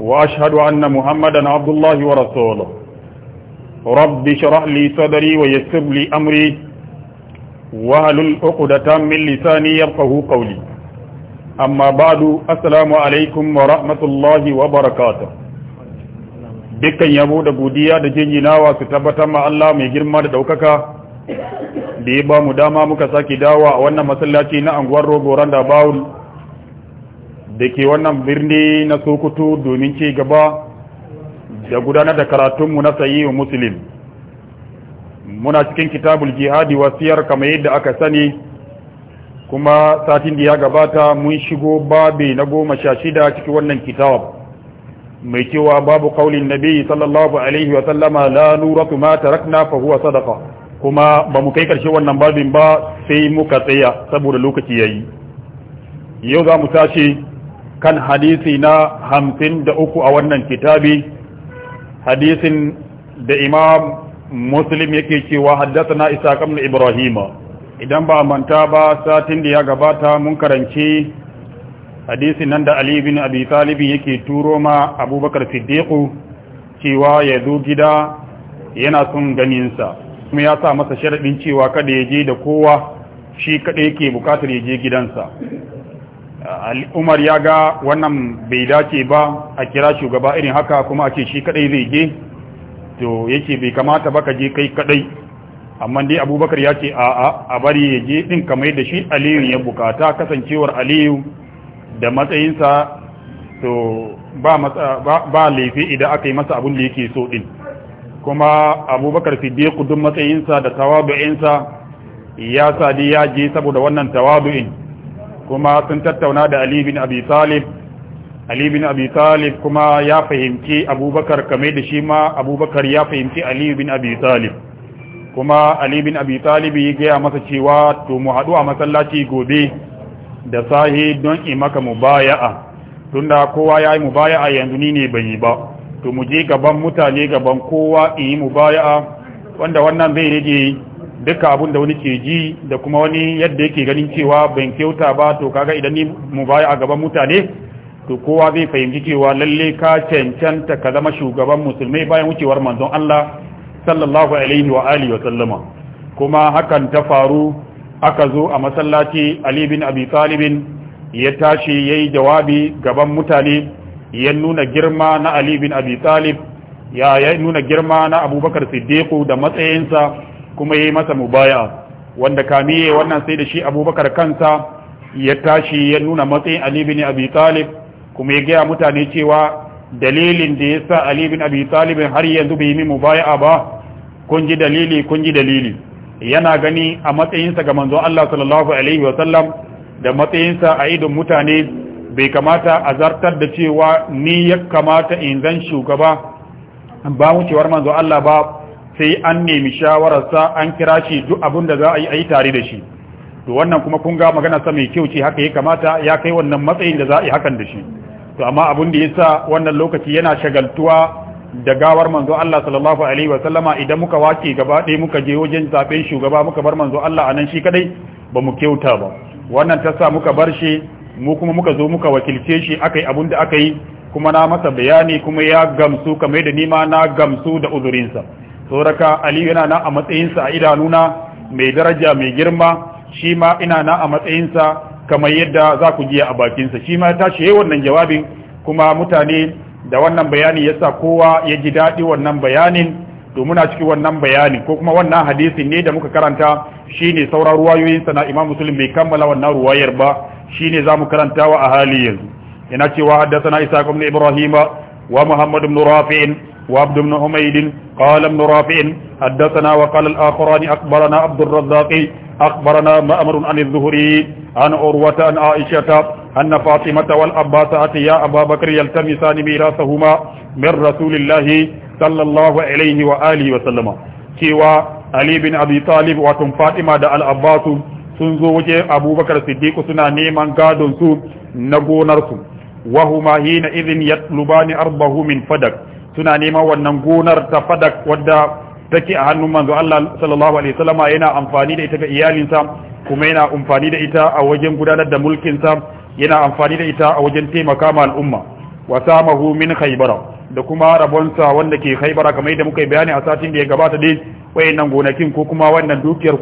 وأشهد أن محمدا عبد الله ورسوله رب شرح لي صدري ويسر لي أمري وهل الأقدة من لساني يبقه قولي أما بعد السلام عليكم ورحمة الله وبركاته dukkan yabo da godiya da jinjinawa su tabbatar ma Allah mai girma da ɗaukaka da ya ba mu dama muka sake dawa a wannan masallaci na anguwar rogo randa bawul da ke wannan birni na sokoto domin ci gaba da gudanar da karatunmu na sayi musulun. muna cikin kitabul jihadi wasiyar kamar yadda aka sani kuma satin da ya gabata mun shigo babi na goma sha shida cikin wannan kitab mai cewa babu kaulin nabi sallallahu alaihi wa sallama la nuratu ma tarakna fa huwa sadaqa kuma ba mu kai karshe wannan babin ba sai muka tsaya saboda lokaci yayi yau za mu tashi kan hadisi na hamsin da uku a wannan kitabi hadisin da imam muslim yake cewa haddasa na isa kamar ibrahima idan ba manta ba satin da ya gabata mun karanci hadisin nan da ali bin abi talibin yake turo ma abubakar siddiqu cewa ya zo gida yana son ganinsa kuma ya sa masa sharaɗin cewa kada ya je da kowa shi kaɗai yake buƙatar ya je gidansa umar ya ga wannan bai dace ba a kira shugaba irin haka kuma a ce shi kadai zai je to yake bai kamata ba ka je kai kadai amma dai abubakar ya ce a'a a bari ya je din kamar da shi aliyu ya bukata kasancewar aliyu da matsayinsa to ba laifi idan aka yi masa abin da yake so din kuma abubakar biya kudin matsayinsa da tawadu'insa ya sadi ya je saboda wannan tawadu'in kuma sun tattauna da Ali bin Abi Talib Ali bin Abi Talib kuma ya fahimci Abubakar kamar da shi ma Abubakar ya fahimci Ali bin Abi Talib kuma Ali bin Abi Talib ya gaya masa cewa to mu haɗu a masallaci gobe da sahi don in maka mubaya'a tunda kowa ya yi mubaya'a yanzu ni ne ban yi ba to mu je gaban mutane gaban kowa in yi mubaya'a wanda wannan zai rage duka abun da wani ke ji da kuma wani yadda yake ganin cewa ban kyauta ba to kaga idan ni mu baya a gaban mutane to kowa zai fahimci cewa lalle ka cancanta ka zama shugaban musulmai bayan wucewar manzon Allah sallallahu alaihi wa alihi wa sallama kuma hakan ta faru aka zo a masallaci Ali bin Abi Talib ya tashi yayi jawabi gaban mutane ya nuna girma na Ali bin Abi Talib ya nuna girma na Abubakar Siddiq da matsayinsa kuma yi masa mubaya wanda kamiye wannan sai da shi abubakar kansa ya tashi ya nuna matsayin ali bin abi talib kuma ya gaya mutane cewa dalilin da ya sa ali bin abi talib har yanzu bai yi mubaya ba kun ji dalili kun ji dalili yana gani a matsayinsa ga manzon Allah sallallahu alaihi wa sallam da matsayinsa a idon mutane bai kamata a zartar da cewa ni ya kamata in zan shugaba ba wucewar manzo Allah ba sai an nemi shawararsa an kira shi duk abin da za a yi tare da shi to wannan kuma kun ga magana sa mai kyau ce haka ya kamata ya kai wannan matsayin da za a yi hakan da shi to amma abin da yasa wannan lokaci yana shagaltuwa da gawar manzo Allah sallallahu alaihi wa sallama idan muka wace gaba ɗaya muka je wajen zaben shugaba muka bar manzo Allah anan shi kadai ba mu kyauta ba wannan ta sa muka bar shi mu kuma muka zo muka wakilce shi akai abin da aka yi kuma na masa bayani kuma ya gamsu kamar da nima na gamsu da uzurinsa sauraka ali yana nan a matsayinsa a idanuna mai daraja mai girma shi ma ina na a matsayinsa kamar yadda za ku jiya a bakinsa shi ma tashi yayi wannan jawabin kuma mutane da wannan bayani yasa kowa ya ji daɗi wannan bayanin to muna cikin wannan bayanin ko kuma wannan hadisin ne da muka karanta shine sauran ruwayoyinsa na imam muslim bai kammala wannan ruwayar ba shine zamu karantawa a hali yanzu yana cewa na isa ibn ibrahima wa muhammad ibn rafi'in وعبد بن حميد قال ابن رافع حدثنا وقال الآخران أخبرنا عبد الرزاق أخبرنا مأمر عن الزهري عن عروة عن عائشة أن فاطمة والعباس أتيا أبا بكر يلتمسان ميراثهما من رسول الله صلى الله عليه وآله وسلم كيوا علي بن أبي طالب وتم فاطمة دا العباس سنزو وجه أبو بكر الصديق سنا نيمان قادن سو نغونر سو وهما حين إذن يطلبان أربه من فدك suna neman wannan gonar ta fadak wadda take a hannun manzo Allah sallallahu alaihi wasallama yana amfani da ita ga iyalinsa kuma yana amfani da ita a wajen gudanar da mulkinsa yana amfani da ita a wajen taimaka ma al'umma wa samahu min khaybara da kuma rabonsa wanda ke khaybara kamar yadda muka yi bayani a satin da ya gabata dai wayannan gonakin ko kuma wannan dukiyar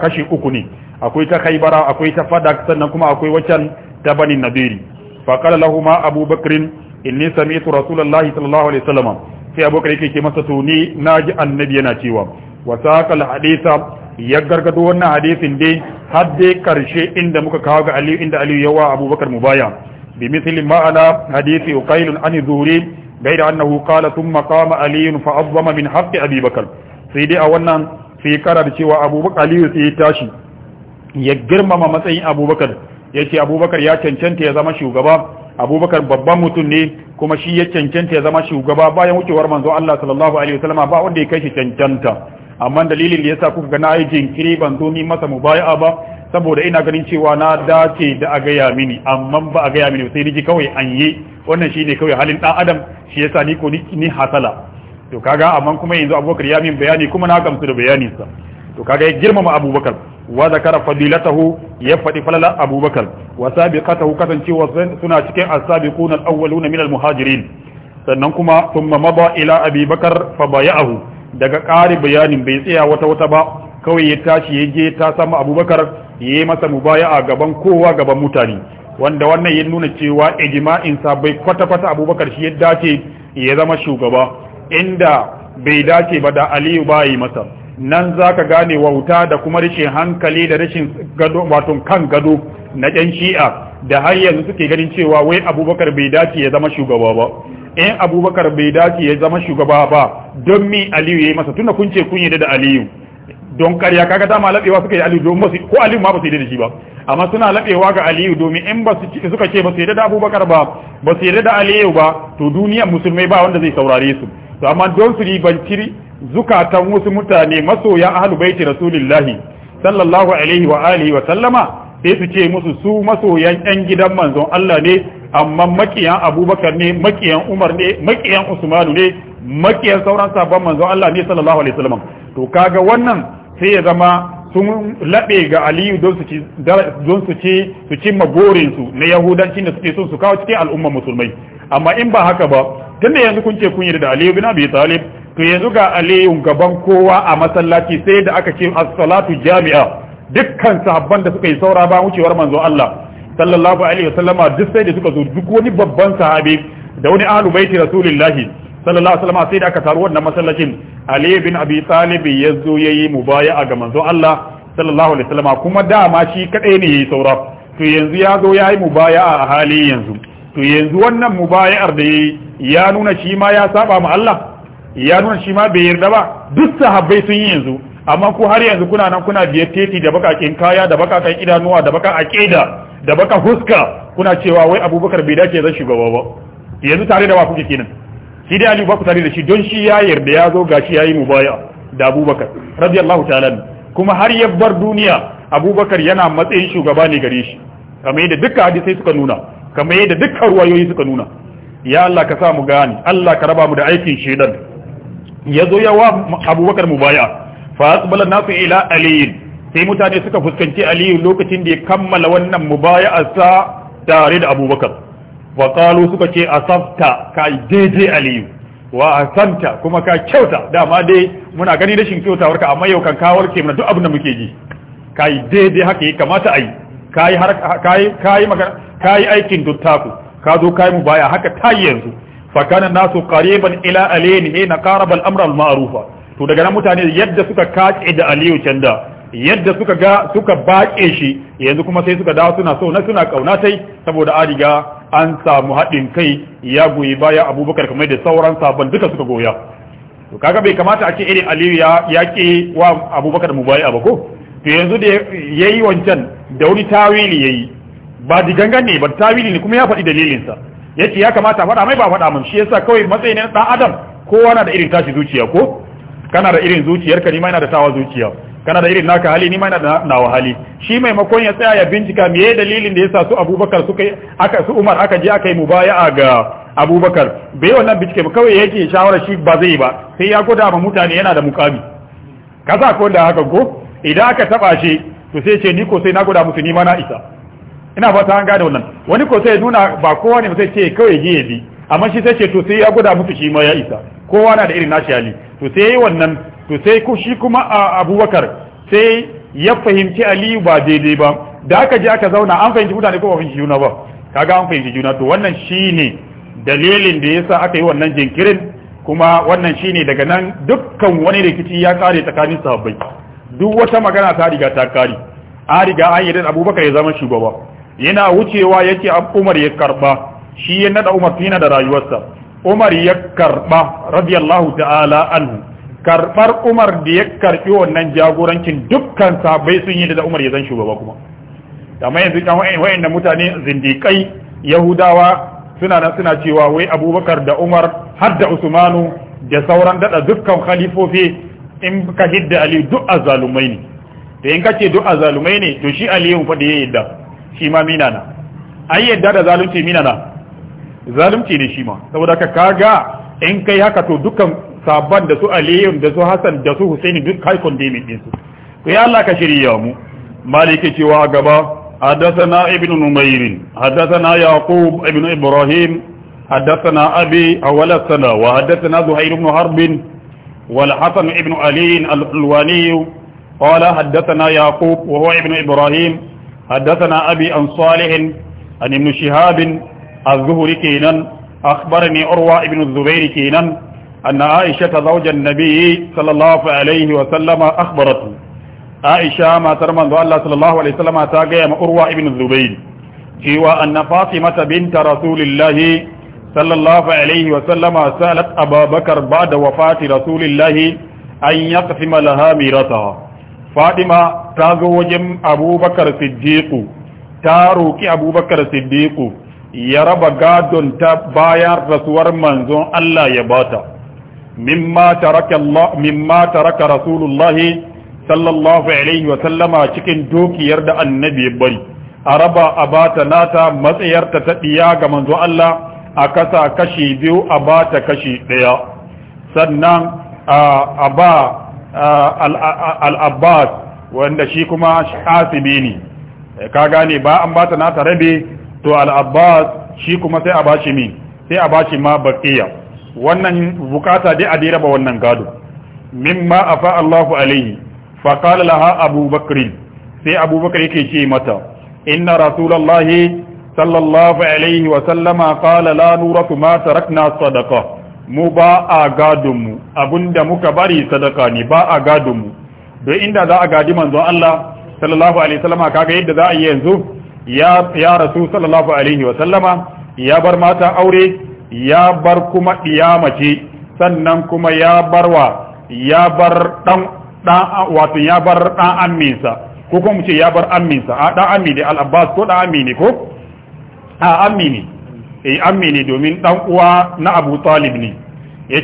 kashi uku ne akwai ta khaybara akwai ta fadak sannan kuma akwai waccan ta banin nabiri fa qala lahumu abubakrin inni sami'tu rasulullahi sallallahu alaihi wasallam sai abubakar yake ce masa to na ji annabi yana cewa wa saqal haditha ya gargado wannan hadisin dai har dai karshe inda muka kawo ga aliyu inda aliyu yawa abubakar mubaya bi misli ma'ana hadisi uqail an zuri gaira annahu qala thumma qama aliyu fa azzama min haqqi abubakar sai dai a wannan sai cewa abubakar aliyu sai ya tashi ya girmama matsayin abubakar ya ce abubakar ya cancanta ya zama shugaba abubakar babban mutum ne kuma shi ya cancanta ya zama shugaba bayan wucewar manzo Allah sallallahu alaihi wasallam ba wanda ya kai shi cancanta amma dalilin da yasa kuka ga na yi jinkiri ban zo ni masa mubaya'a ba saboda ina ganin cewa na dace da a gaya mini amma ba a gaya mini sai ni ji kawai an yi wannan shi ne kawai halin ɗan adam shi yasa ni ko ni hasala to kaga amma kuma yanzu abubakar ya min bayani kuma na gamsu da bayaninsa to kaga ya girmama abubakar wa zakara fadilatahu ya faɗi falala abubakar wa sabiqatahu kasancewa suna cikin as-sabiqun al-awwaluna mila muhajirin sannan kuma thumma ba ila abubakar fa bay'ahu daga ƙari bayanin bai tsaya wata wata ba kawai ya tashi ya je ta samu abubakar ya yi masa a gaban kowa gaban mutane wanda wannan ya nuna cewa ijma'in sabai kwata abubakar shi ya dace ya zama shugaba inda bai dace ba da aliyu ba yi masa nan za ka gane wauta da kuma rashin hankali da rashin gado wato kan gado na ɗan shi'a da har yanzu suke ganin cewa wai abubakar bai dace ya zama shugaba ba in abubakar bai dace ya zama shugaba ba don mi aliyu ya yi masa tunda kun ce kun yi da aliyu don karya kaga dama laɓewa suka yi aliyu don ba ko aliyu ma ba su yi da shi ba amma suna laɓewa ga aliyu domin in ba su suka ce ba su yi da abubakar ba ba su yi da aliyu ba to duniyar musulmai ba wanda zai saurare su to amma don su ribanci zukatan wasu mutane masoya ahlul baiti rasulillahi sallallahu alaihi wa alihi wa sallama sai su ce musu su masoyan yan gidan manzon Allah ne amma makiyan Abubakar ne makiyan Umar ne makiyan Usmanu ne makiyan sauran sabon manzon Allah ne sallallahu alaihi wasallam to kaga wannan sai ya zama sun labe ga Aliyu don su ci don su ci su ci magorin su na Yahudanci da suke son su kawo cikin al'umma musulmai amma in ba haka ba tunda yanzu kun ce kun yarda da Aliyu bin Abi Talib to yanzu ga aliyun gaban kowa a masallaci sai da aka ce as-salatu jami'a dukkan sahabban da suka yi saura ba wucewar manzo Allah sallallahu alaihi wasallama duk sai da suka zo duk wani babban sahabi da wani ahlu baiti sallallahu alaihi wasallama sai da aka taru wannan masallacin ali bin abi talib ya yayi mubaya'a ga manzo Allah sallallahu alaihi wasallama kuma dama shi kadai ne yayi saura to yanzu ya zo yayi mubaya'a a hali yanzu to yanzu wannan mubaya'ar da yayi ya nuna shi ma ya saba ma Allah ya nuna shi ma bai yarda ba duk sahabbai sun yi yanzu amma ku har yanzu kuna nan kuna biyar teti da bakakin kaya da bakakan idanuwa da baka aqida da baka huska kuna cewa wai abubakar bai dace zan shugaba ba yanzu tare da ba kuke kenan shi dai ali ba ku tare da shi don shi ya yarda ya zo gashi yayi mubaya da abubakar radiyallahu ta'ala kuma har ya bar duniya abubakar yana matsayin shugaba ne gare shi kamar yadda duka hadisai suka nuna kamar yadda duka ruwayoyi suka nuna ya Allah ka sa mu gane Allah ka raba mu da aikin shedan ya zo ya wa abubakar mubaya fa asbala nasu ila aliyin sai mutane suka fuskanci aliyu lokacin da ya kammala wannan a sa tare da abubakar wa qalu suka ce asabta ka daidai aliyu wa asanta kuma ka kyauta dama dai muna gani rashin kyautawar ka amma yau kan ka warke mana duk abin da muke ji yi daidai haka ya kamata a yi ka yi aikin duttaku ka zo kai mu baya haka ta yanzu fakanan nasu qariban ila alayni hina qaraba al-amr al-ma'rufa to daga nan mutane yadda suka kace da aliyu canda yadda suka ga suka bake shi yanzu kuma sai suka dawo suna so na suna kauna tai saboda adiga an samu haɗin kai ya goyi baya abubakar kamar da sauran sabon duka suka goya to kaga bai kamata a ce irin aliyu ya yaƙi wa abubakar mu baya ba ko to yanzu da yayi wancan da wani tawili yayi ba digangan ne ba tawili ne kuma ya faɗi dalilinsa yace ya kamata faɗa mai ba faɗa mun shi yasa kawai matsayin ɗan adam kowa na da irin tashi zuciya ko kana da irin ka ni ma ina da tawa zuciya kana da irin naka hali ni ma ina da nawa hali shi maimakon ya tsaya ya bincika me dalilin da yasa su Abubakar suka aka su Umar aka je aka yi mubaya'a ga Abubakar bai wannan bincike ba kawai yake shawara shi ba zai ba sai ya gwada ma mutane yana da mukami kasa ko da haka ko idan aka taba shi to sai ce ni ko sai na gwada musu ni ma na isa ina ba ta an gane wannan wani ko sai nuna ba kowa ne sai ce kawai je ya bi amma shi sai ce to sai ya guda musu shi ma ya isa kowa na da irin nashi hali to sai yi wannan to sai ku shi kuma Abubakar sai ya fahimci Aliyu ba daidai ba da aka je aka zauna an fahimci mutane ko ba fahimci juna ba kaga an fahimci juna to wannan shi ne dalilin da yasa aka yi wannan jinkirin kuma wannan shi ne daga nan dukkan wani rikici ya kare tsakanin sahabbai duk wata magana ta riga ta kare an riga an yi Abubakar ya zama shugaba yana wucewa yake Umar ya karba shi ya nada Umar fina da rayuwarsa Umar ya karba radiyallahu ta'ala anhu karbar Umar da ya karbi wannan jagorancin dukkan sabai sun yi da Umar ya zan shugaba kuma amma yanzu kan da mutane zindikai Yahudawa suna nan suna cewa wai Abubakar da Umar har da Usmanu da sauran dada dukkan khalifofi in ka hidda Ali duk azalumai ne da in kace duk azalumai ne to shi Ali ya fadi ya yadda shi ma minana ai yadda da zalunci minana zalunci ne shi ma saboda ka kaga in kai haka to dukkan sabban da su aliyu da su hasan da su husaini duk kai condemning din su to ya Allah ka shirya mu malike cewa gaba حدثنا ابن نمير حدثنا يعقوب ابن إبراهيم حدثنا أبي أول السنة وحدثنا زهير بن حرب والحسن ابن علي الحلواني قال حدثنا يعقوب وهو ابن إبراهيم حدثنا أبي عن صالح عن ابن شهاب الزهري كينا أخبرني أروى ابن الزبير كينا أن عائشة زوج النبي صلى الله عليه وسلم أخبرته عائشة ما ترمن الله صلى الله عليه وسلم تاقيم أروى ابن الزبير جوا أن فاطمة بنت رسول الله صلى الله عليه وسلم سألت أبا بكر بعد وفاة رسول الله أن يقسم لها ميرتها fatima ta zo wajen abubakar siddiqu ta roƙi abubakar siddiqu ya raba gadon ta bayan rasuwar manzon Allah ya bata mimma taraka Allah sallallahu alaihi wa sallama cikin dukiyar da annabi ya bari a raba a bata nata matsayarta ta ɗiya ga manzo Allah a kasa kashi biyu a bata kashi ɗaya sannan a ba al-abbas wanda shi kuma asibi ne ka gane ba an bata nata rabe to al-abbas shi kuma sai a bashi min sai a bashi ma baqiya wannan bukata dai a dira ba wannan gado mimma afa Allahu alaihi fa laha Abu sai Abubakar yake ce mata inna rasulullahi sallallahu alaihi wa sallama qala ma tarakna mu ba a gadonmu abinda muka bari sadaka ne ba a gadonmu don inda za a gadi manzon Allah sallallahu alaihi wasallama kaga yadda za a yi yanzu ya ya rasu sallallahu alaihi wasallama ya bar mata aure ya bar kuma mace sannan kuma ya barwa ya bar dan dan wato ya bar dan amminsa ko kuma mu ce ya bar amminsa a dan ammi da al-Abbas ko dan ammi ne ko a ammi ne eh ammi domin dan uwa na Abu Talib ne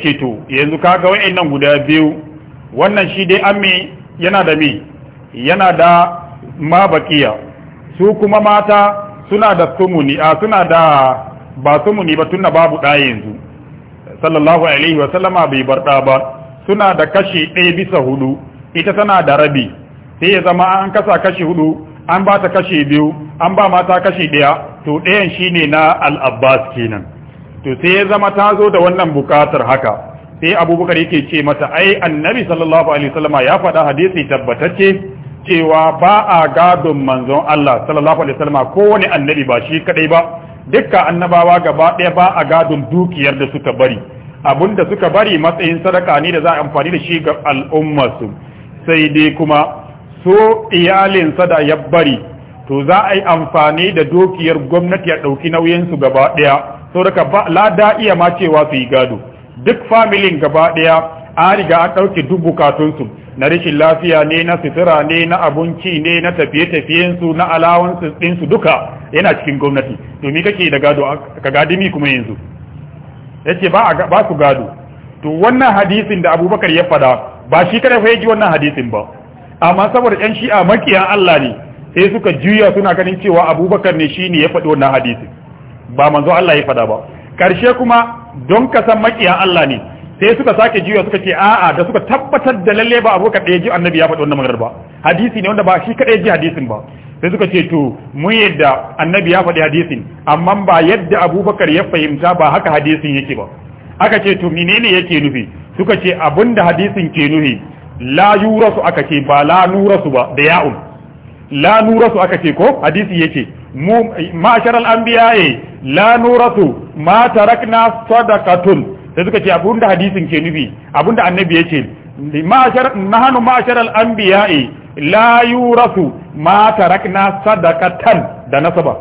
ce to yanzu kaga wayannan guda biyu wannan shi dai ammi yana da mi yana da ma bakiya su kuma mata suna da sumuni a suna da ba sumuni ba tunna babu ɗaya yanzu sallallahu alaihi wa sallama bai bar ɗa ba suna da kashi ɗaya bisa hudu ita tana da rabi sai ya zama an kasa kashi hudu an ba ta kashi biyu an ba mata kashi ɗaya to ɗayan ne na al'abbas abbas kenan to sai ya zama ta zo da wannan bukatar haka sai abubakar yake ce mata ai annabi sallallahu alaihi wasallama ya faɗa hadisi tabbatacce cewa ba a gadon manzon Allah sallallahu alaihi wasallama kowane annabi ba shi kadai ba dukka annabawa gaba ɗaya ba a gadon dukiyar da suka bari abun da suka bari matsayin sadaka ne da za a amfani da shi ga al'ummarsu sai dai kuma so iyalinsa da ya bari to za a yi amfani da dukiyar gwamnati a ɗauki nauyinsu gaba ɗaya sau daga lada iya ma cewa su yi gado duk familin gaba ɗaya an riga an ɗauki duk bukatunsu na rashin lafiya ne na sutura ne na abinci ne na tafiye-tafiyensu na alawansu ɗinsu duka yana cikin gwamnati domin kake da gado ka gadimi kuma yanzu yace ba a ba su gado to wannan hadisin da Abubakar ya faɗa, ba shi kada fa ji wannan hadisin ba amma saboda ƴan shi'a makiyan Allah ne sai suka juya suna ganin cewa abubakar ne shi ne ya faɗi wannan hadisi ba manzo Allah ya faɗa ba ƙarshe kuma don ka san makiyan Allah ne sai suka sake juya suka ce a'a da suka tabbatar da lalle ba abubakar ɗaya ji annabi ya faɗi wannan maganar ba hadisi ne wanda ba shi kaɗai ji hadisin ba sai suka ce to mun yadda annabi ya faɗi hadisin amma ba yadda abubakar ya fahimta ba haka hadisin yake ba aka ce to menene yake nufi suka ce abinda hadisin ke nufi la yurasu aka ce ba la nurasu ba da ya'un la nurasu aka ce ko hadisi yake mu ma'asharal anbiya'i la nurasu ma tarakna sadaqatun sai suka ce abunda hadisin ke nufi abunda annabi yace ma'ashar nahnu ma'asharal anbiya'i la yurasu ma tarakna sadaqatan da nasaba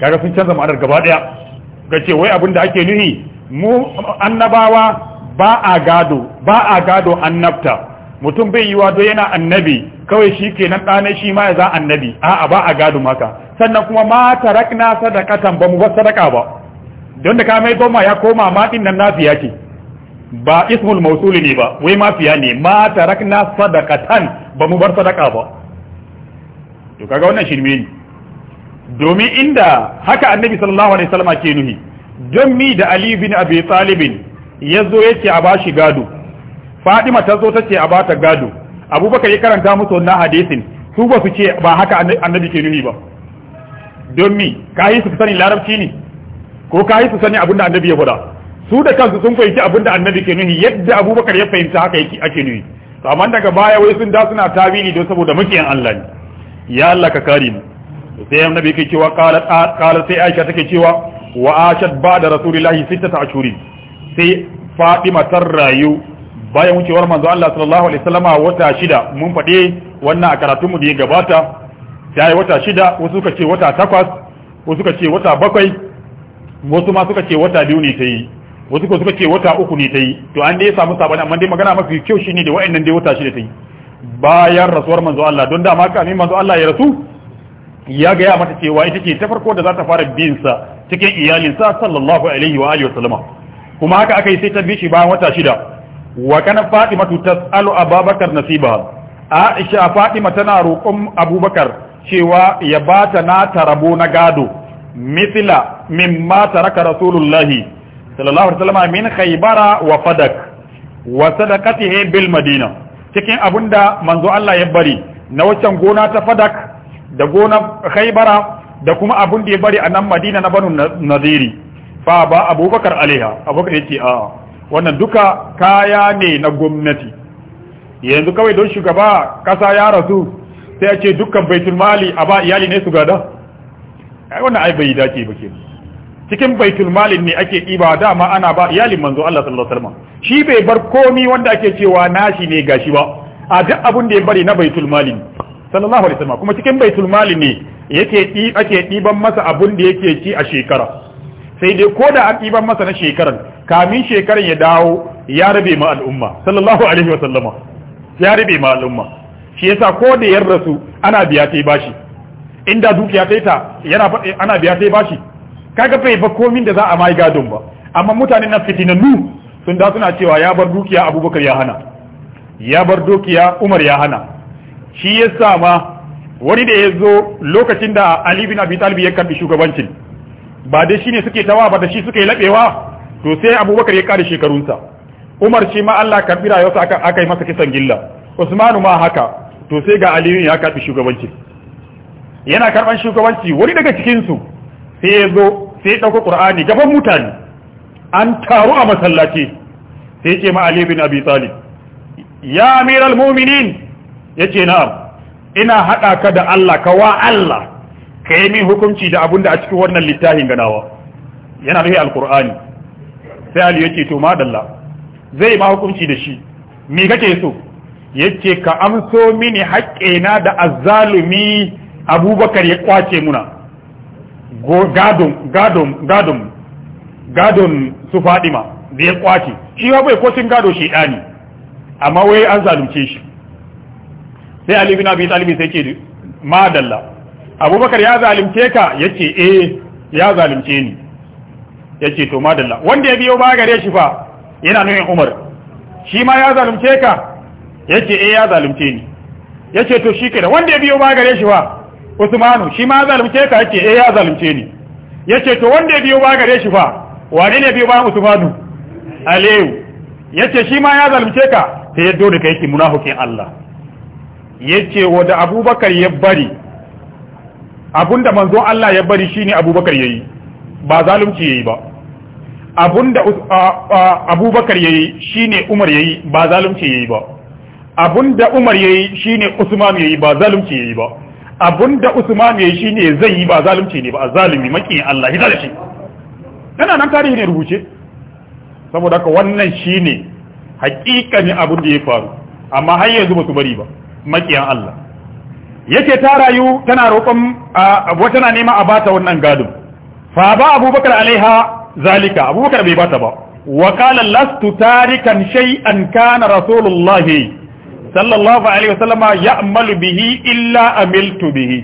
kaga sun canza ma'anar gaba daya ga ce wai da ake nufi mu annabawa ba a gado ba a gado annabta mutum bai yiwa do yana annabi kawai shi kenan ɗane shi ma ya za annabi a'a ba a gadu maka sannan kuma ma sadaka tan ba mu ba sadaka ba don da ka mai goma ya koma ma ɗin nan nafiya ke, ba ismul mausuli ne ba wai mafiya ne ma sadaka tan ba mu bar sadaka ba to kaga wannan shirme ne domin inda haka annabi sallallahu alaihi wasallam ke nuhi don mi da ali bin abi talib ya zo a bashi gado fatima ta zo tace a bata gado abubakar ya karanta musu wannan hadisin su ba su ce ba haka annabi ke nuni ba don mi ka yi su sani larabci ne ko ka yi su sani abinda annabi ya faɗa su da kansu sun fahimci abinda annabi ke nuni yadda abubakar ya fahimta haka yake ake nuni to amma daga baya wai sun da suna tawili don saboda mukiyan Allah ne ya Allah ka kare mu sai annabi yake cewa qalat qalat sai Aisha take cewa wa ashad ba'da rasulillahi 26 sai Fatima tar rayu bayan wucewar manzo Allah sallallahu alaihi wasallama wata shida mun faɗe wannan a karatunmu da ya gabata ta yi wata shida wasu suka ce wata takwas wasu suka ce wata bakwai wasu ma suka ce wata biyu ne ta yi wasu ko suka ce wata uku ne ta yi to an dai samu sabani amma dai magana mafi kyau shine da wa'annan dai wata shida ta yi bayan rasuwar manzo Allah don da ma amin manzo Allah ya rasu ya gaya mata cewa ita ce ta farko da za ta fara bin sa cikin iyalinsa sallallahu alaihi wa alihi wa sallama kuma haka aka yi sai ta bi shi bayan wata shida wa kana fatima tasalu abubakar nasiba aisha fatima tana roƙon abubakar cewa ya bata na tarabo na gado mithla mimma taraka rasulullahi sallallahu alaihi wasallam min khaybara wa fadak wa sadaqatihi bil madina cikin abunda manzo Allah ya bari na wancan gona ta fadak da gona khaybara da kuma abun da ya bari a nan madina na banu naziri fa ba abubakar alaiha abubakar yace a'a wannan duka kaya ne na gwamnati yanzu kawai don shugaba kasa ya rasu sai a ce dukkan baitul mali a ba iyali ne su gada ai wannan ai bai dace ba kenan cikin baitul mali ne ake ibada dama ana ba iyalin manzo Allah sallallahu alaihi wasallam shi bai bar komi wanda ake cewa nashi ne gashi ba a duk abun da ya bari na baitul mali sallallahu alaihi wasallam kuma cikin baitul mali ne yake ake diban masa abun da yake ci a shekara sai dai ko da an diban masa na shekaran kamin shekaran ya dawo ya rabe ma al'umma sallallahu alaihi wa sallama ya rabe ma al'umma shi yasa ko da yar rasu ana biya tai bashi inda dukiya tai ta yana ana biya tai bashi kaga bai ba komin da za a mai gadon ba amma mutanen nan fitinannu sun da suna cewa ya bar dukiya Abubakar ya hana ya bar dukiya Umar ya hana shi yasa ma wani da ya zo lokacin da Ali bin Abi Talib ya karbi shugabancin ba da dai ne suke tawa ba da shi suke laɓewa? to sai abubakar ya kare shekarunsa umar shi ma Allah karbi rayuwarsa aka aka yi masa kisan gilla usmanu ma haka to sai ga aliyu ya karbi shugabanci yana karban shugabanci wani daga cikin su sai ya zo sai ya dauko qur'ani gaban mutane an taru a masallaci sai ya ce ma ali bin abi talib ya amiral mu'minin yace na'am ina haɗa ka da Allah ka wa Allah ka yi min hukunci da abin da a cikin wannan littafin ganawa yana nufi alkur'ani sai ali yace to madalla zai ma hukunci da shi me kake so yace ka amso mini haƙƙina da azzalumi abubakar ya kwace muna gadon gadon gadon gadon su fadima da ya kwace shi ba bai kwacin gado shi ɗani amma wai an zalunce shi sai ali bin abi talib sai ce madalla abubakar ya zalunce ka yace eh ya zalunce ni ya ce to madalla wanda ya biyo ba gare shi fa yana nuhin umar shi ma ya zalunce ka ya ce eh ya zalunce ni ya ce to shi kira wanda ya biyo ba gare shi fa usmanu shi ma ya zalunce ka ya ce eh ya zalunce ni ya ce to wanda ya biyo ba gare shi fa wane ne biyo ba usmanu aliyu ya ce shi ma ya zalunce ka sai ya dole ka yake munafikin Allah ya ce abubakar ya bari abinda manzon Allah ya bari shine abubakar ya yi ba zalunci yayi ba abunda abubakar yayi shine umar yayi ba zalunci yayi ba abunda umar yayi shine usman yayi ba zalunci yayi ba abunda usman yayi shine zai yi ba zalunci ne ba zalumi maki Allah hidda da shi yana nan tarihi ne rubuce saboda ka wannan shine hakikanin abun da ya faru amma har yanzu ba su bari ba makiyan Allah yake ta rayu tana roƙon wata na nema a bata wannan gadon fa ba abubakar alaiha zalika abubakar bai bata ba wa qala lastu tarikan shay'an kana rasulullah sallallahu alaihi wasallam ya'malu bihi illa amiltu bihi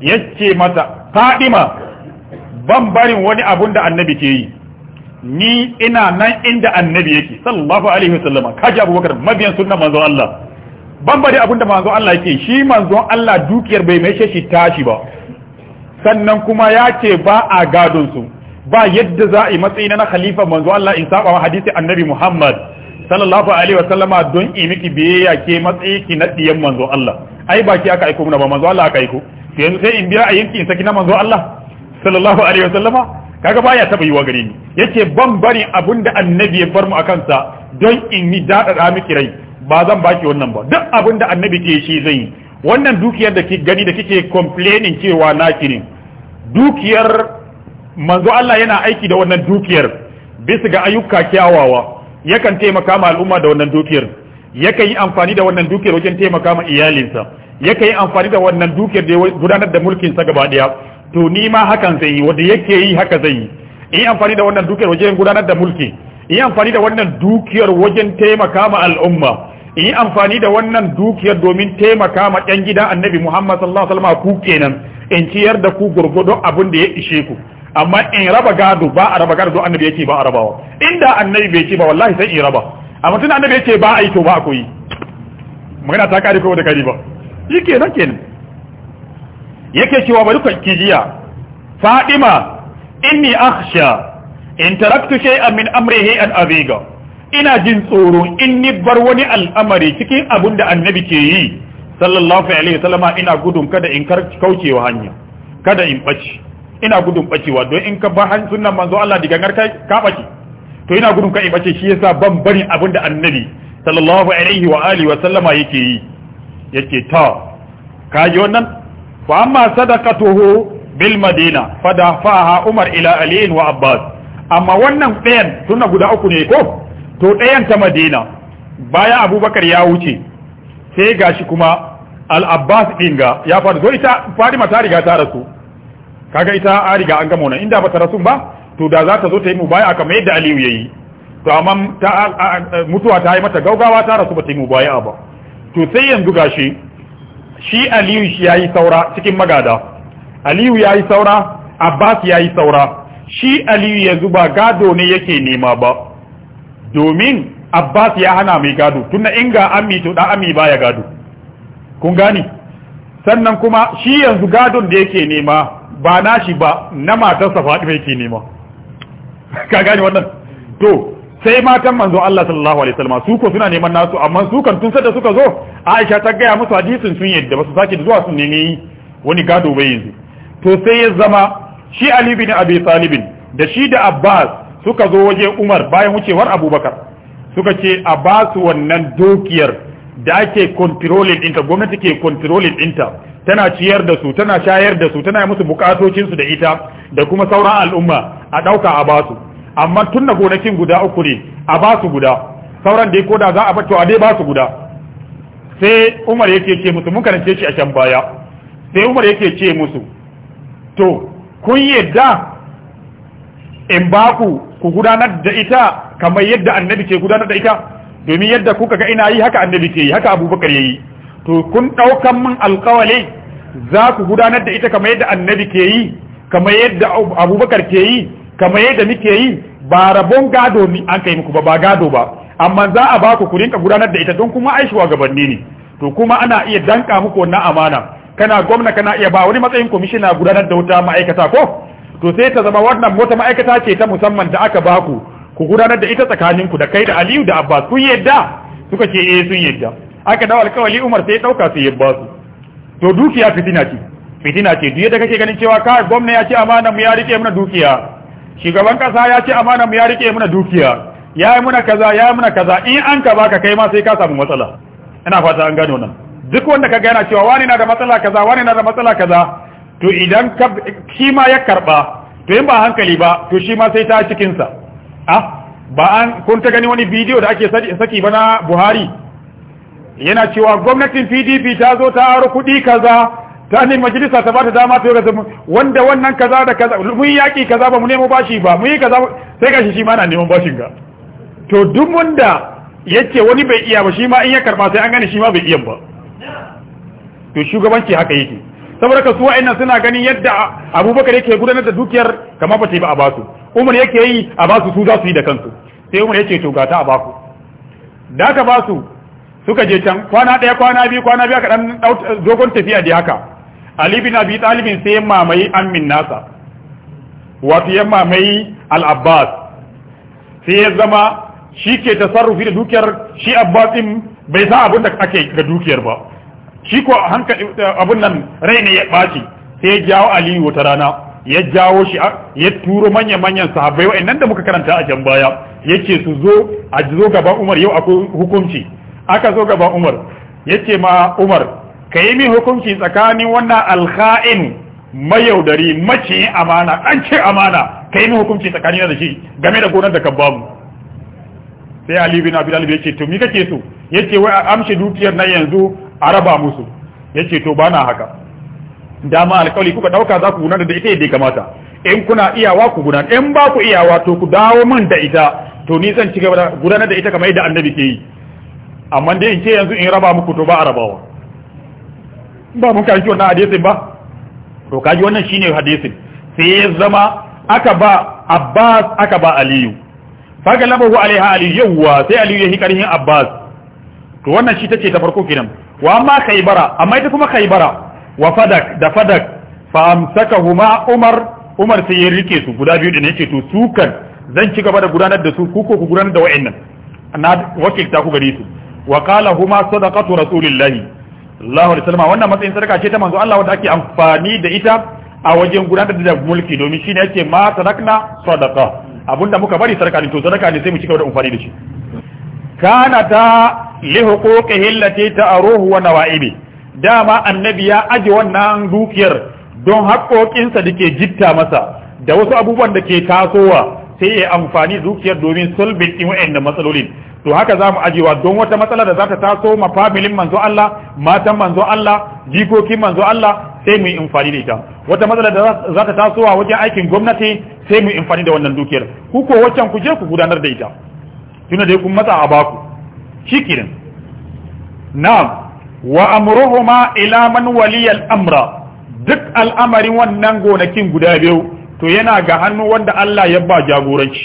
yace mata fadima ban barin wani abun da annabi ke yi ni ina nan inda annabi yake sallallahu alaihi wasallam kaji abubakar mabiyan sunnan manzon Allah ban bari abun da manzon Allah yake shi manzon Allah dukiyar bai mai shi tashi ba sannan kuma ya ce ba a gadon su ba yadda za a yi matsayi na khalifa manzo Allah in saba wa hadisi annabi Muhammad sallallahu alaihi wa sallama don yi miki biyayya ke matsayi ki na diyan manzo Allah ai ba ki aka aiko mun ba manzo Allah aka aiko yanzu sai in biya a yanki in saki na manzo Allah sallallahu alaihi wa sallama kaga baya taba yi wa gare ni yace ban bari abinda annabi ya bar mu akan sa don in ni dada da miki rai ba zan baki wannan ba duk abinda annabi ke shi zai wannan dukiyar da ki gani da kike complaining cewa naki ne dukiyar manzo Allah yana aiki da wannan dukiyar bisa ga ayyuka kyawawa yakan taimaka ma al'umma da wannan dukiyar yakan yi amfani da wannan dukiyar wajen taimaka ma iyalinsa yakan yi amfani da wannan dukiyar da gudanar da mulkin sa gaba daya to ni ma hakan zai yi wanda yake yi haka zai yi yi amfani da wannan dukiyar wajen gudanar da mulki yi amfani da wannan dukiyar wajen taimaka ma al'umma in yi amfani da wannan dukiyar domin taimaka ma ɗan gida annabi Muhammad sallallahu alaihi wasallam ku kenan in ciyar da ku gurgudo abin da ya ishe ku amma in raba gado ba a raba gado annabi yake ba a rabawa inda annabi bai ce ba wallahi sai in raba amma tun annabi yake ba a yi to ba a koyi magana ta kare ko da kare ba shi kenan kenan yake cewa bari ku kijiya Fadima inni akhsha in taraktu shay'an min amrihi an abiga ina jin tsoro in ni bar wani al'amari cikin abin da annabi ke yi sallallahu alaihi wasallam ina gudun kada in kaucewa hanya kada in bace ina gudun bacewa don in ka bar hanyar sunnan manzo Allah diga ngar kai ka bace to ina gudun kai bace shi yasa ban bari abin da annabi sallallahu alaihi wa alihi wasallam yake yi yake ta kaji wannan fa amma sadaqatuhu bil madina fada faha umar ila ali wa abbas amma wannan ɗayan sunna guda uku ne ko to ɗayan ta madina bayan abubakar ya wuce sai gashi kuma al-abbas ɗin ga ya faru zo ita fadima ta riga ta rasu kaga ita a riga an gama wannan inda ba ta rasu ba to da za ta zo ta yi mu baya kamar yadda aliyu ya yi to amma mutuwa ta yi mata gaugawa ta rasu ba ta yi mu baya ba to sai yanzu gashi shi aliyu shi ya yi saura cikin magada aliyu ya yi saura abbas ya yi saura shi aliyu yanzu ba gado ne yake nema ba domin Abbas ya hana mai gado tun na inga ammi to da ammi baya gado kun gani sannan kuma shi yanzu gadon da yake nema ba nashi ba na matarsa mai ke nema ka gani wannan to sai matan manzo Allah sallallahu alaihi wasallam su ko suna neman nasu amma su kan tun sada suka zo Aisha ta gaya musu hadisin sun yadda ba su sake zuwa sun nemi wani gado bai yanzu to sai ya zama shi Ali bin Abi Talib da shi da Abbas suka zo waje Umar bayan wucewar Abubakar suka ce a ba su wannan dukiyar da ake controlling inta gwamnati ke controlling inta tana ciyar da su tana shayar da su tana musu bukatocinsu da ita da kuma sauran al'umma a ɗauka a ba su amma tun da gonakin guda uku ne a ba su guda sauran dai koda za a bato a dai ba su guda sai Umar yake ce musu mun karance shi a can baya sai Umar yake ce musu to kun yadda in ba ku ku gudanar da ita kamar yadda annabi ke gudanar da ita domin yadda kuka ga ina yi haka annabi ke yi haka abubakar ya yi to kun ɗaukan min alƙawali za ku gudanar da ita kamar yadda annabi ke yi kamar yadda abubakar ke yi kamar yadda muke yi ba rabon gado ni an kai muku ba ba gado ba amma za a ba ku ku rinka gudanar da ita don kuma ai Gabanni ne to kuma ana iya danka muku wannan amana kana gwamna kana iya ba wani matsayin kwamishina gudanar da wuta ma'aikata ko to sai ta zama wannan wata ma'aikata ce ta musamman da aka baku ku gudanar da ita tsakaninku da kai da Aliyu da Abbas kun yadda suka ce eh sun yadda aka dawo alkawali Umar sai ya dauka sai ya basu to dukiya fitina ce fitina ce duk da kake ganin cewa ka gwamna ya ce amana mu ya rike muna dukiya shugaban kasa ya ce amana mu ya rike muna dukiya ya yi muna kaza ya yi muna kaza in an ka baka kai ma sai ka samu matsala ina fata an gano nan duk wanda ka gana cewa wani na da matsala kaza wani na da matsala kaza to idan shi ma ya karba to in ba hankali ba to shi ma sai ta cikinsa sa ah ba an kun ta gani wani bidiyo da ake saki ba na Buhari yana cewa gwamnatin PDP ta zo ta aro kudi kaza ta ne majalisa ta bata dama ta yi wanda wannan kaza da kaza mun yaki kaza ba mu nemo bashi ba mun yi kaza sai gashi shi ma na neman bashin ga to duk wanda ya ce wani bai iya ba shi ma in ya karba sai an gani shi ma bai iya ba to shugabanci haka yake saboda ka su wa'annan suna ganin yadda abubakar yake gudanar da dukiyar kamar ba ce ba a basu umar yake yi a basu su za su yi da kansu sai umar yake to gata a baku da aka basu suka je can kwana ɗaya kwana biyu kwana biyu aka dan dogon tafiya da haka ali bin abi talibin sai ya mamaye ammin nasa wato ya mamaye al-abbas sai ya zama shi ke tasarrufi da dukiyar shi abbas din bai sa abin da ake ga dukiyar ba shi ko hankali abun nan rai ne ya baci sai ya jawo aliyu wata rana ya jawo shi ya turo manya-manyan sahabbai wa'annan da muka karanta a can baya yace su zo a zo gaban Umar yau akwai hukunci aka zo gaban Umar yace ma Umar ka yi min hukunci tsakanin wannan alkha'in mayaudari mace amana an ce amana ka yi min hukunci tsakanin da shi game da gonar da ka bamu sai Ali bin Abi ya yace to me kake so yace wai a amshi dukiyar nan yanzu a raba musu yace to ba na haka dama alƙawli kuka dauka za ku gudanar da ita yadda kamata in kuna iyawa ku gudanar in ba ku iyawa to ku dawo man da ita to ni zan ci gaba da gudanar da ita kamar yadda annabi ke yi amma dai in ce yanzu in raba muku to ba a rabawa ba mun kanki wannan hadisin ba to kaji wannan shine hadisin sai ya zama aka ba Abbas aka ba Aliyu faga labahu alaiha Aliyu yawwa sai Aliyu ya hi Abbas to wannan shi tace ta farko kenan wa amma khaybara amma ita kuma khaybara wa fadak da fadak fa amsakahuma umar umar sai ya rike su guda biyu din yake to su kan zan ci gaba da gudanar da su ku ko ku gudanar da wa'annan na wakilta ku gare su wa qala huma sadaqatu rasulillahi sallallahu alaihi wasallam wannan matsayin sadaka ce ta manzo Allah wanda ake amfani da ita a wajen gudanar da mulki domin shine yake ma sadakna sadaqa abinda muka bari sadaka ne to sadaka ne sai mu ci gaba da amfani da shi kana ta li ta allati ta'aruhu wa nawa'ibi dama annabi ya aji wannan dukiyar don haƙoƙinsa da ke jitta masa da wasu abubuwan da ke tasowa sai ya amfani dukiyar domin sulbin ɗin wa'annan matsalolin to haka za mu ajiwa don wata matsala da za ta taso ma familin manzo Allah matan manzo Allah jikokin manzo Allah sai mu yi amfani da ita wata matsala da za ta taso a wajen aikin gwamnati sai mu yi amfani da wannan dukiyar ku ko waccan ku je ku gudanar da ita tunda dai kun matsa a baku shikirin na wa ma ila man waliyar amra duk al'amarin wannan gonakin guda biyu to yana ga hannu wanda Allah ya ba jagoranci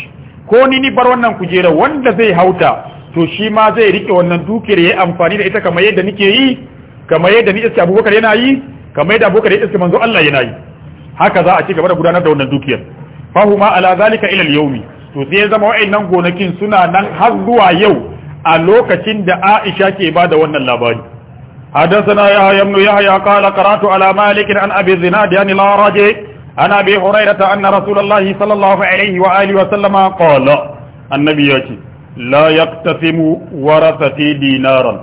ko ni ni bar wannan kujera wanda zai hauta to shi ma zai rike wannan dukiyar yi amfani da ita kamar yadda nike yi kamar yadda ni iska Abubakar yana yi kamar yadda Abubakar ya iska manzo Allah yana yi haka za a ci gaba da gudanar da wannan dukiyar fahuma ala zalika ila al-yawmi to sai ya zama wa'annan gonakin suna nan har zuwa yau a lokacin da Aisha ke bada wannan labari حدثنا يحيى بن يحيى قال قرأت على مالك عن أبي الزناد عن الأعرج عن أبي هريرة أن رسول الله صلى الله عليه وآله وسلم قال النبي يأتي لا يقتسم ورثتي دينارا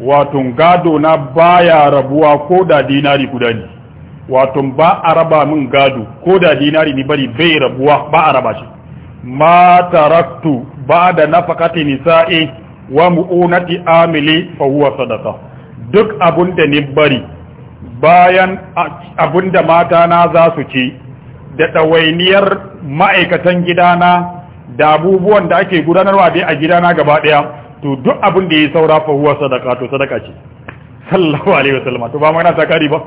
وتنقادو نبايا ربوا كودا ديناري كوداني وتنبا أربا من قادو كودا ديناري نبري بي ربوا با أربا شيء ma taraktu ba'da nafaqati nisa'i wa mu'unati amili fa huwa sadaqa duk abun da ni bari bayan abun da mata na za su ci da ɗawainiyar ma'aikatan gidana da abubuwan da ake gudanarwa dai a gidana gaba ɗaya to duk abunda da ya saura fa huwa sadaka to sadaka ce sallallahu alaihi wasallam to ba magana ta kari ba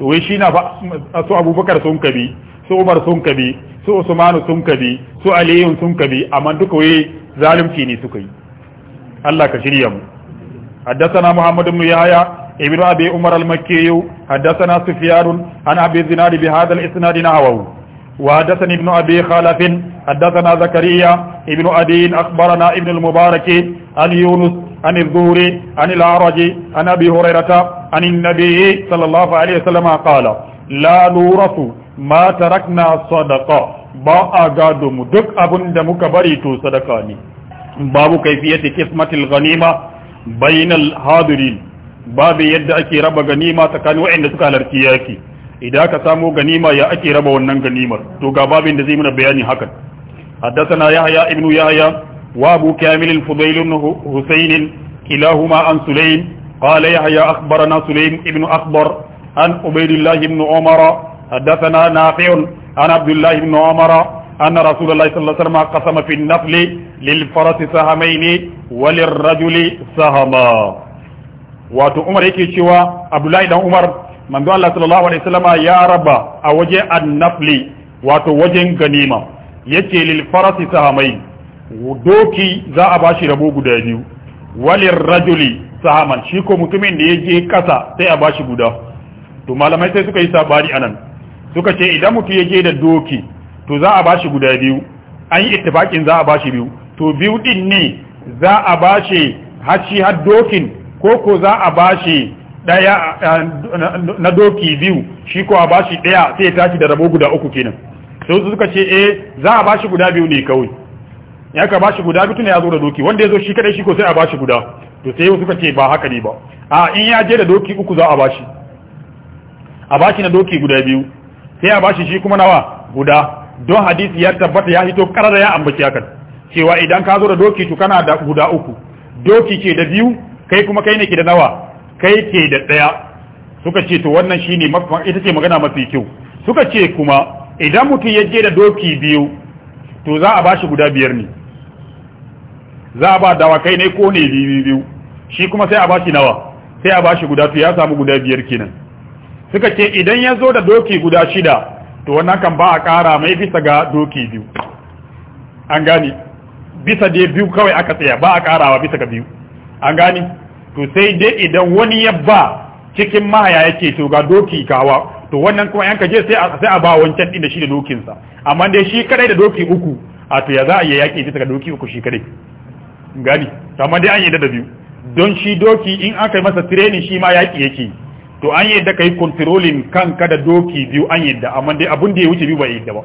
to wai shi na fa su abubakar sun kabi su umar sun kabi su Usmanu sun kabi su Aliyu sun kabi amma duka waye zalunci ne suka yi Allah ka shirya mu haddathana Muhammad ibn Yahya ibn Abi Umar al-Makki haddathana Sufyan an Abi Zinad bi Zakariya ibn Adi akhbarana al yunus عن الظهر عن العرج ma tarakna sadaqa ba a gado mu duk abin da muka bari to sadaka ne babu kaifiyati kismatil ghanima bainal hadirin babu yadda ake raba ganima tsakanin waɗanda suka halarci yaki idan ka samo ganima ya ake raba wannan ganimar to ga babin da zai muna bayani hakan حدثنا yahya ابن يحيى wabu كامل الفضيل بن حسين كلاهما an سليم قال يحيى اخبرنا سليم ابن اخبر عن عبيد الله بن عمر حدثنا نافع عن عبد الله بن عمر أن رسول الله صلى الله عليه وسلم قسم في النفل للفرس سهمين وللرجل سهما Umar yake cewa Abdullahi dan Umar ya raba a waje ganima yace lil doki za a bashi rabo guda biyu shi ko mutumin da yaje kasa sai a bashi guda to sai suka yi suka ce idan mutum ya je da doki to za a bashi guda biyu an yi ittifakin za a bashi biyu to biyu din ne za a bashi hashi har dokin ko ko za a bashi daya na doki biyu shi ko a bashi daya sai ya tashi da rabo guda uku kenan sai suka ce eh za a bashi guda biyu ne kawai ya ka bashi guda biyu ne ya zo da doki wanda ya zo shi kadai shi ko sai a bashi guda to sai suka ce ba haka ne ba a in ya je da doki uku za a bashi a bashi na doki guda biyu sai a bashi shi kuma nawa guda don hadisi ya tabbata ya hito karara ya ambaci hakan cewa idan ka zo da doki to kana da guda uku doki ke da biyu kai kuma kai ne ke da nawa kai ke da daya suka ce to wannan shine ita ce magana mafi kyau suka ce kuma idan mutum ya je da doki biyu to za a bashi guda biyar ne za a ba dawa kai ne ko ne biyu biyu shi kuma sai a bashi nawa sai a bashi guda to ya samu guda biyar kenan suka ce idan ya zo da doki guda shida to wannan kan ba a ƙara mai bisa ga doki biyu an gani bisa dai biyu kawai aka tsaya ba a ƙarawa bisa ga biyu an gani to sai dai idan wani ya ba cikin mahaya yake to ga doki kawa to wannan kuma yanka je sai a sai a ba wancan din da shi da dokinsa amma dai shi kadai da doki uku a to ya za a yi yaƙi bisa ga doki uku shi kadai gani to amma dai an yi da biyu don shi doki in aka yi masa training shi ma yaƙi yake to an yadda kai kontrolin kanka da doki biyu an yadda amma dai abun da ya wuce biyu bai yadda ba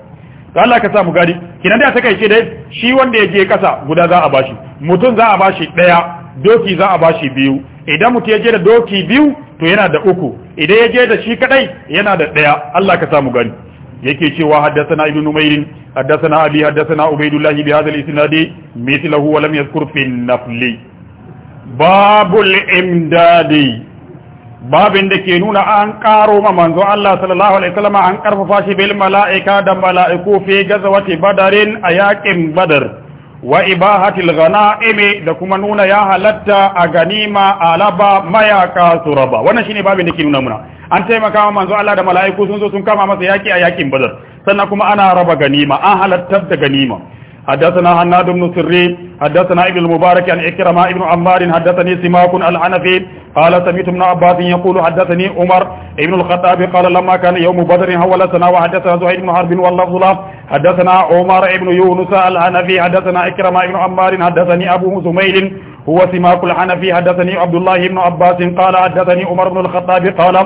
to Allah ka sa mu gadi kinan da take ce dai shi wanda ya je kasa guda za a bashi mutum za a bashi daya doki za a bashi biyu idan mutum ya je da doki biyu to yana da uku idan ya je da shi kadai yana da daya Allah ka sa mu gadi yake cewa haddathana ibn numairin haddathana abi haddathana ubaidullah bi hadha al-isnad mithluhu wa lam yadhkur fi an-nafli babul imdadi babin da ke nuna an karo ma manzo Allah sallallahu alaihi wasallam an karfafa shi bil mala'ika da mala'iku fi gazawati badarin a yaƙin badar wa ibahatil ghanaim da kuma nuna ya halatta a ganima alaba mayaka suraba wannan shine babin da ke nuna muna an taimaka ma manzo Allah da mala'iku sun zo sun kama masa yaki a yaƙin badar sannan kuma ana raba ganima an halatta da ganima حدثنا عناد بن سرين حدثنا ابن المبارك عن إكرمة ابن عمار حدثني سماك العنفي قال سميت ابن عباس يقول حدثني عمر ابن الخطاب قال لما كان يوم بدر حولتنا وحدثنا زهير بن حرب والله له حدثنا عمر ابن يونس العنفي حدثنا إكرمة ابن عمار حدثني أبو زميل هو سماك العنفي حدثني عبد الله بن عباس قال حدثني عمر بن الخطاب قال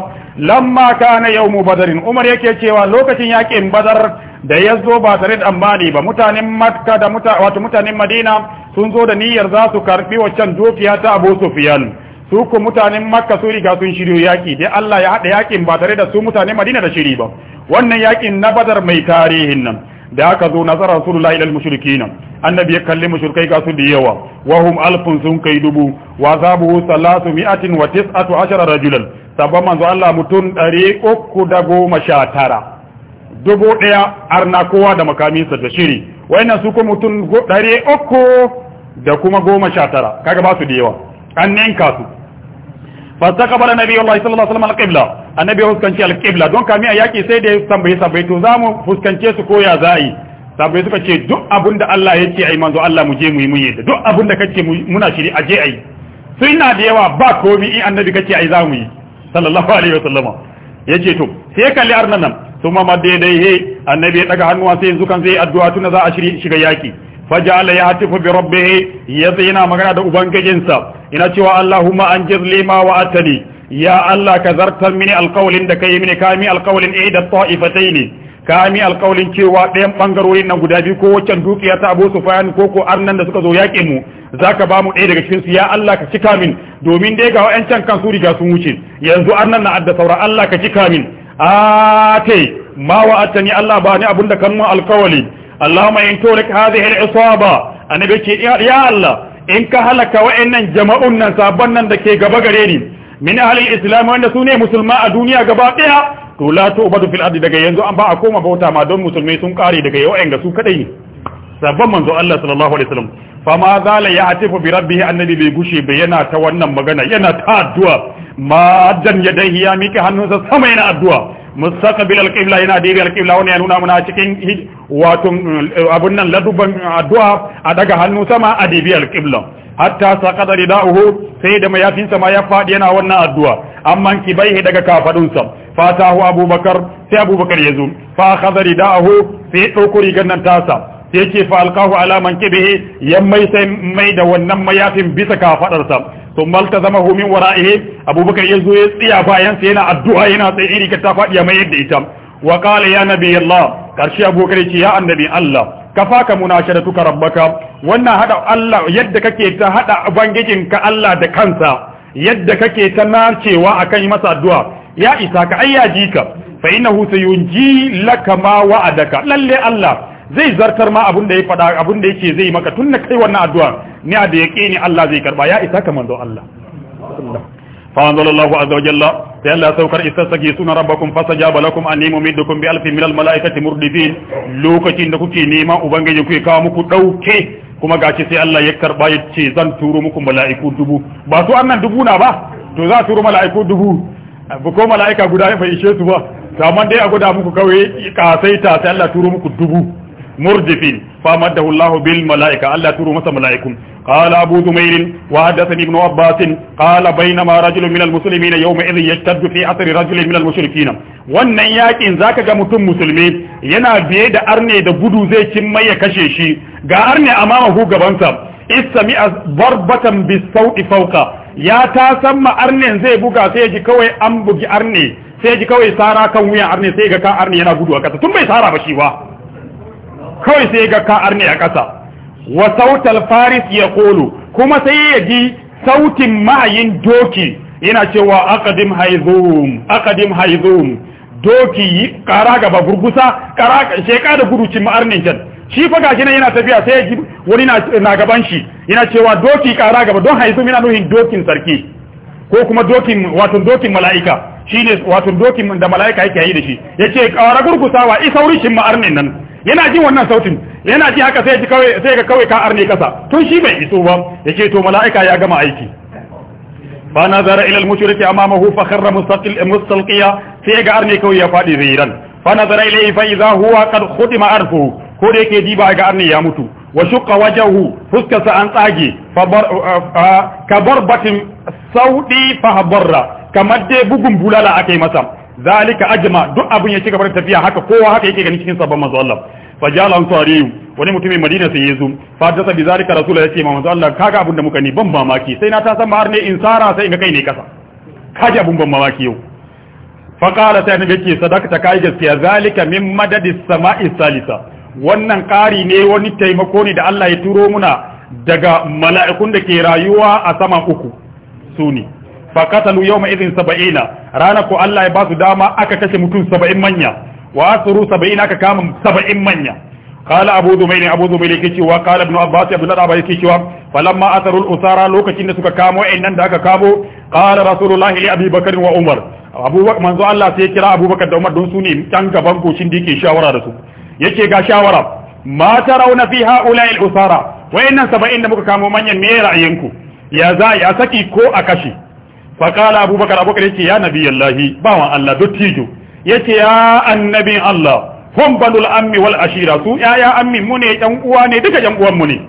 لما كان يوم بدر عمر يكي cewa lokacin yakin badar da ya zo ba tare da ambani ba mutanen makka da wato mutanen madina sun zo da niyyar za su karbi waccan dukiya ta abu sufiyan su ko mutanen makka su riga sun shiryo yaki dai Allah ya haɗa yakin ba tare da su mutanen madina da shiri ba wannan yakin na badar mai tarihin nan da aka zo nazara rasulullahi ilal mushrikin annabi ya kalli mushrikai ga su da yawa wa hum alfun sun kai dubu wa zabu salatu mi'atin wa tis'atu ashara rajulan sabban manzo Allah sha tara. dubu ɗaya arna kowa da makaminsa da shiri wayannan su kuma mutum ɗari uku da kuma goma sha tara kaga ba su da yawa an ninka su fastaqbala Allah sallallahu alaihi wasallam alqibla annabi fuskanci qibla don kami a yaki sai da tambaye tambaye to zamu fuskance su ko ya yi tambaye suka ce duk abin da Allah ya ce ai manzo Allah mu je mu yi mu yi duk abin da kace muna shiri a ai sai na da yawa ba komi in annabi kace ai za mu yi sallallahu alaihi wasallam yace to sai kalli arnan nan thumma madda yadayhi annabi ya daga hannu sai yanzu kan sai addu'a tuna za a shiga yaki ya yahtifu bi rabbih yazi yana magana da ubangijinsa ina cewa allahumma anjiz lima wa atani ya allah ka zartar mini alqawlin da kai mini kami alqawlin ida eh ta'ifataini kami alqawlin cewa ɗayan bangarorin nan guda biyu ko waccan dukiya ta Abu Sufyan ko ko arnan da suka zo yaƙe mu zaka ba mu ɗaya daga cikin su ya allah ka cika min domin dai ga wa'ancan kan su riga sun wuce yanzu arnan na adda saura allah ka cika min آتي ما وعدتني الله باني أبن كنم القولي اللهم إن تورك هذه العصابة أنا بيكي يا الله in ka halaka wa'annan jama'un nan sabon nan da ke gaba gare ni min halin islam da su ne musulma a duniya gaba daya to la tu'badu fil ardi daga yanzu an ba a koma bauta ma don musulmai sun kare daga yau ga su kadai ne sabon manzo Allah sallallahu alaihi wasallam fa ma zala ya hatifu bi rabbihi annabi bai gushe bai yana ta wannan magana yana ta addu'a ma dan yadaihi ya mika hannunsa sama yana addu'a mustaqbil alqibla yana dibi alqibla wani ya nuna muna cikin wato eh, abun nan laduban addu'a a daga hannu sama a dibi alqibla hatta saqada rida'uhu sai da mayafinsa sama ya fadi yana wannan addu'a amman kibaihi daga kafadunsa fatahu abubakar sai abubakar zo fa da aho sai ɗauko rigar nan tasa sai yake fa alqahu ala mankibihi yammai sai mai da wannan mayafin bisa kafadarsa ثم التزمه من ورائه ابو بكر يزو يا yana addu'a yana ينا سي ايري كتا فادي ما يد ايتام وقال يا نبي ya كرشي ابو بكر يا النبي الله kafaka munasharatuka rabbaka wannan hada Allah yadda kake ta hada ubangijin ka Allah da kansa yadda kake ta narcewa akan masa addu'a ya isa ka ayyaji ka fa innahu sayunji laka ma wa'adaka lalle Allah zai zartar ma abun da ya fada abun da yake zai maka tun na kai wannan addu'a ni a da ni Allah zai karba ya isa ka manzo Allah fa anzalallahu azza wa jalla ya Allah saukar istasaki suna rabbakum fasajaba lakum anni mumiddukum bi alfin minal malaikati murdidin lokacin da kuke nema ubangiji ku kawo muku dauke kuma gashi sai Allah ya karba ya ce zan turo muku mala'iku dubu ba su annan dubu na ba to za turo mala'iku dubu ba ko mala'ika guda ya fa ishe su ba to amma dai a guda muku kawai sai ta sai Allah turo muku dubu murdifin famadahu Allah bil malaika Allah turo masa malaikum قال أبو ذمير وحدثني ابن عباس قال بينما رجل من المسلمين يومئذ يشتد في أثر رجل من المشركين wannan yakin zaka ga mutum musulmi yana biye da arne da gudu zai cimma ya kashe shi ga arne amama hu gabansa istami barbatan bisauti kauka ya ta san ma arnen zai buga sai ji kawai an bugi arne sai ji kawai sara kan wuya arne sai ga kan arne yana gudu a kasa tun bai sara ba shi ba kawai sai ga ka arne a ƙasa wa sautal faris ya kolo kuma sai ya ji sautin mahayin doki yana cewa akadim haizum akadim haizum doki kara gaba gurgusa kara sheka da gurucin ma'arnin can shi fa gashi nan yana tafiya sai ya ji wani na gaban shi yana cewa doki kara gaba don haizum yana nuhin dokin sarki ko kuma dokin wato dokin mala'ika shine wato dokin da mala'ika yake yi da shi yace kara wa isauri shin ma'arnin nan yana jin wannan sautin yana ji haka sai kawai ga kawai ka arne kasa tun shi bai iso ba ya ce to mala'ika ya gama aiki fa nazara ila al-mushriki amamahu fa kharra mustaqil mustalqiya sai ga arne kawai ya fadi ziran fa nazara ilayhi fa idha huwa qad khutima arfu ko da yake diba ga arne ya mutu wa shuqqa wajhu fuskarsa an tsage fa ka barbatin saudi fa habarra kamar dai bugun bulala akai masa zalika ajma duk abin ya ci gaba da tafiya haka kowa haka yake gani cikin sabon manzo Allah fa jala an tariyu wani mutumin Madina sai ya zo fa ta sabi zalika rasulullahi yace ma manzo Allah kaga abun da muka ni ban mamaki sai na ta san har ne insara sai in ga kai ne kasa kaji abin ban mamaki yau fa qala sai annabi sadaka ta kai gaskiya zalika min madadis sama'i salisa wannan ƙari ne wani taimako ne da Allah ya turo muna daga mala'ikun da ke rayuwa a sama uku suni. fa qatalu yawma idhin 70 rana ko Allah ya ba su dama aka kashe mutum 70 manya wa asru 70 aka kama 70 manya قال ابو دمين ابو دمين yake wa قال ابن عباس ابن عباس yake cewa falamma atarul usara lokacin da suka kamo nan da aka kamo qala rasulullahi li abi bakr wa umar abu manzo Allah sai ya kira abubakar da umar don su ne can gaban gocin da yake shawara da su yake ga shawara ma tarawna fi haula'il usara wayannan saba'in da muka kamo manyan me ra'ayinku ya za ya saki ko a kashe fa qala abubakar abubakar yace ya ba wa Allah dottijo yace ya annabi Allah hum balul ammi wal ashira su ya ya ammi mu ne yan uwa ne duka yan uwan mu ne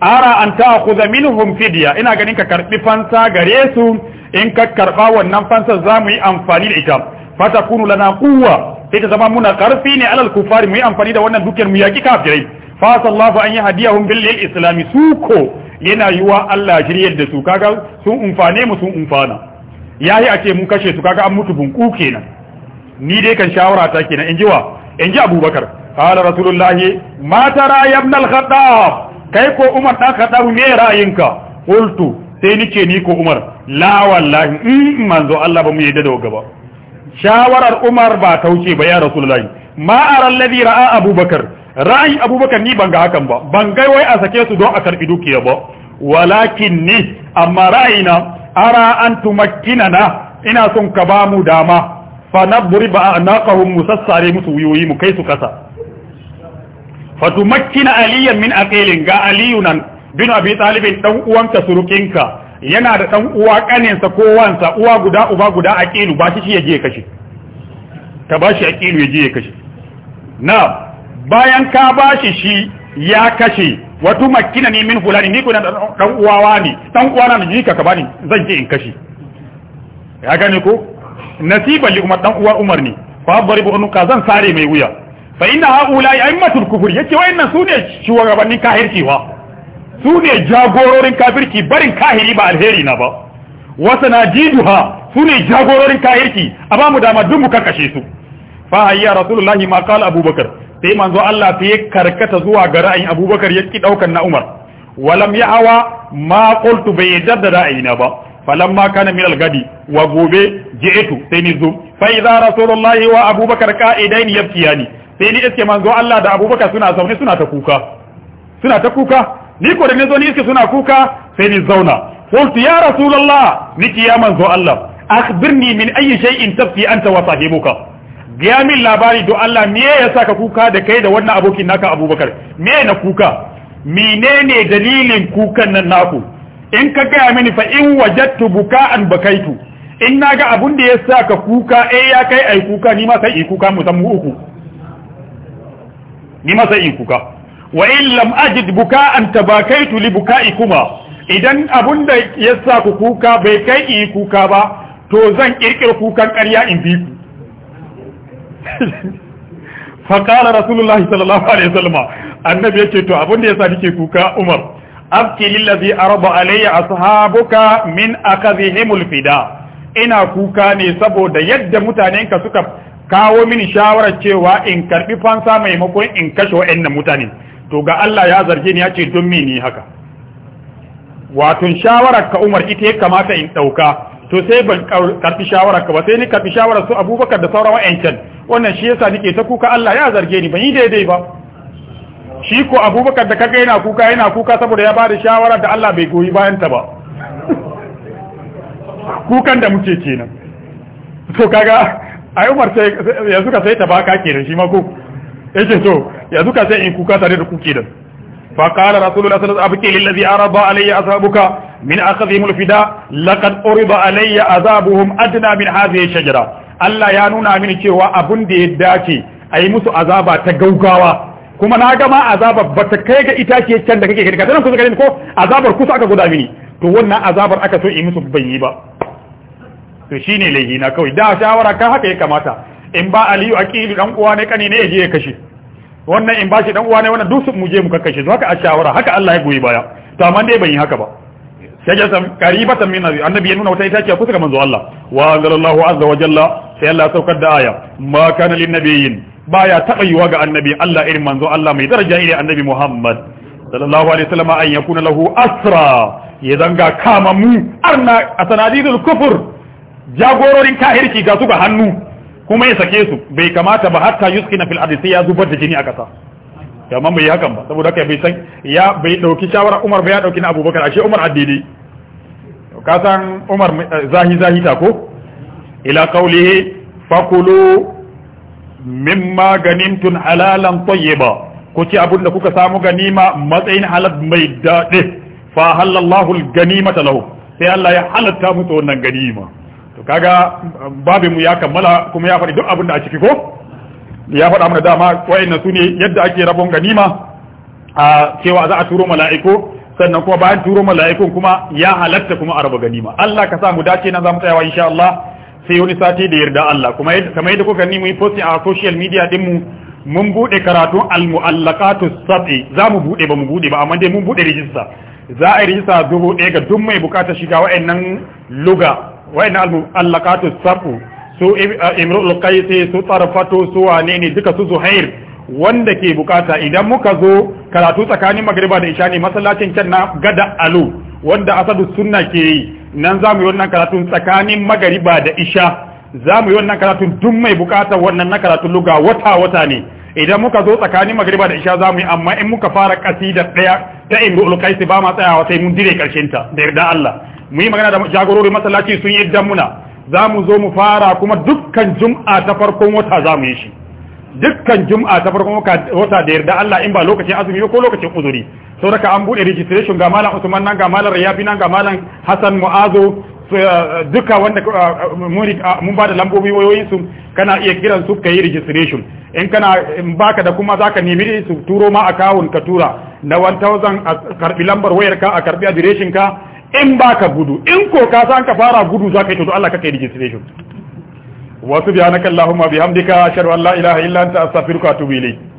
ara an ta'khudha minhum fidya ina ganin ka karbi fansa gare su in ka karba wannan fansa mu yi amfani da ita fatakunu lana quwwa ita zama muna karfi ne alal kufari mu yi amfani da wannan dukiyar mu yaki kafirai fa sallahu an yi yahdiyahum bil islami su ko yana yiwa Allah shiryar da su kaga sun umfane mu sun umfana yayi a ce mun kashe su kaga an mutu bunku kenan ni dai kan shawara ta kenan ji wa inji Abubakar qala rasulullahi ma tara ya ibn al-khattab kai ko Umar dan Khattab me ra'ayinka qultu sai ni ce ni ko Umar la wallahi in manzo Allah ba mu yadda da gaba shawarar Umar ba tauce ba ya rasulullahi ma ara alladhi ra'a Abubakar ra'ayin abubakar ni ban ga hakan ba ban ga wai a sake su don a karbi dukiya ba walakin ni amma ra'ayina ara an na ina son ka ba mu dama fa nabri ba naqahum musassare musu wuyoyi mu kai su kasa fa tumakkina aliyan min aqilin ga aliyu nan bin abi talibin dan uwanka surukinka yana da dan uwa kaninsa ko wansa uwa guda uba guda aqilu ba shi ya je kashe ta ba shi aqilu ya je kashi na'am bayan ka ba shi shi ya kashe wato makina ne min hulani ni kuna dan uwawa ne dan uwana ne jika ka bani zan je in kashe ya gane ko nasiban li umar dan uwa umar ne fa bu unuka zan sare mai wuya fa inna haula aimatul kufur yace su sune shugabannin kafirci wa sune jagororin kafirci barin kahiri ba alheri na ba wa sanajiduha su sune jagororin kafirci amma mu dama duk mu kashe su fa hayya rasulullahi ma qala abubakar sai manzo Allah sai karkata zuwa ga ra'ayin Abubakar ya ki daukan na Umar walam yahawa ma qultu bai yadda ra'ayina ba falamma kana min al wa gobe ji'tu sai ni zo fa idza rasulullahi wa abubakar qa'idain yabkiyani sai ni iske manzo Allah da abubakar suna zaune suna ta kuka suna ta kuka ni ko da ni zo ni iske suna kuka sai ni zauna qultu ya rasulullah niki ya manzo Allah akhbirni min ayi shay'in tabki anta wa sahibuka gaya min labari don Allah me ya sa ka kuka da kai da wannan abokin naka abubakar me na kuka menene dalilin kukan nan naku in ka gaya mini fa in wajattu buka'an bakaitu in naga abun da ya sa ka kuka eh ya kai ai kuka ni ma sai in kuka mu mu uku ni ma sai in kuka wa in lam ajid buka'an tabakaitu li buka'ikuma idan abun da ya sa ku kuka bai kai in kuka ba to zan kirkira kukan ƙarya in bi ku faƙarar rasulullahi sallallahu alaihi wasallam annabi ce to abinda da yasa nake kuka umar abki lillazi arba alayya ashabuka min akazihim fida. ina kuka ne saboda yadda mutanenka suka kawo mini shawarar cewa in karbi fansa maimakon in kashe wa'annan mutane to ga Allah ya zarge ni ya ce don me ni haka wato shawarar ka umar ita ya kamata in dauka to sai ban karfi shawara ka ba sai ni karfi shawara su abubakar da sauran wa'ancan wannan shi yasa nike ta kuka Allah ya zarge ni ban yi daidai ba shi ko abubakar da kaga yana kuka yana kuka saboda ya bada shawara da Allah bai goyi bayan ta ba kukan da muke kenan to kaga ai Umar sai yanzu ka sai ta baka kenan shi ma ko yace to yanzu ka sai in kuka tare da kuke da فقال رسول الله صلى الله عليه وسلم أبكي للذي أرب علي أصحابك من أخذهم الفداء لقد أرب علي أذابهم أدنى من هذه Allah ya nuna mini cewa abin da ya dace a yi musu azaba ta gaugawa kuma na gama azaba ba kai ga itace can da kake kai ka kusa gare ni ko azabar kusa aka guda mini to wannan azabar aka so yi musu ban yi ba to shine laifi na kawai da shawara ka haka ya kamata in ba Aliyu Aqilu dan uwa ne kane ne ya je ya kashe wannan in bashi dan uwa ne wannan duk mu je mu kakkashe su haka a shawara haka Allah ya goyi baya to amma dai ban yi haka ba sai san qaribatan min nabi annabi ya nuna ita ce kusa ga manzo Allah wa anzalallahu azza wa jalla sai Allah saukar da aya ma kana lin nabiyyin baya taba yiwa ga annabi Allah irin manzo Allah mai daraja irin annabi Muhammad sallallahu alaihi wasallam an yakuna lahu asra ya zanga kama mu arna asanadidul kufur jagororin kahirci ga su ga hannu kuma ya sake su bai kamata ba hatta yuskina fil ardi ya zubar da jini a kasa amma bai yi hakan ba saboda haka bai san ya bai dauki shawara Umar bai ya dauki na Abubakar ashe Umar addini ka san Umar eh, zahi zahi ta ko ila qawlihi fakulu mimma ganimtum halalan tayyiba ku ci abun da kuka samu ganima matsayin halal mai dade fa halallahu al ganimata lahu sai Allah ya halatta musu wannan ganima kaga babin mu ya kammala kuma ya faɗi duk abin da a ciki ko ya faɗa mana dama wa'annan su yadda ake rabon ganima a cewa za a turo mala'iku sannan kuma bayan turo mala'ikun kuma ya halatta kuma a raba ganima Allah ka sa mu dace nan zamu tsayawa insha Allah sai wani sati da yarda Allah kuma kamar yadda kuka nemi posti a social media din mu mun bude karatun al sabi zamu bude ba mu bude ba amma dai mun bude rijista za a yi rijista dubu ɗaya ga duk mai bukatar shiga wa'annan luga na allaqatu sabu su eh, imrul qaisi su tarfatu su wane ne duka su zuhair wanda ke bukata idan muka zo karatu tsakanin magriba da isha ne masallacin can na gada alu wanda asadu sunna ke yi nan za mu yi wannan karatun tsakanin magariba da isha za mu yi wannan karatun duk mai bukata wannan na karatun luga wata wata ne idan muka zo tsakanin magariba da isha za mu yi amma in muka fara kasida daya ta imrul qaisi ba ma tsayawa sai mun dire karshen ta da yarda Allah mu yi magana da jagororin masallaci sun yi muna za mu zo mu fara kuma dukkan jum'a ta farkon wata za mu yi shi dukkan jum'a ta farkon wata da yarda Allah in ba lokacin azumi ko lokacin uzuri sau daga an buɗe registration ga malam Usman nan ga malam Rayafi nan ga malam Hassan Mu'azu eh, duka wanda eh, ah, mun ba da lambobi wayoyin su kana iya kiran su ka yi registration in kana in baka da kuma zaka nemi su turo ma account ka tura na 1000 a karbi lambar wayar ka a karbi adireshin ka in baka gudu in ko ka san ka fara gudu za ka yi to Allah ka kai registration wasu bihanaka Allahumma bihamdika ashhadu an la ilaha illa anta astaghfiruka wa atubu ilayk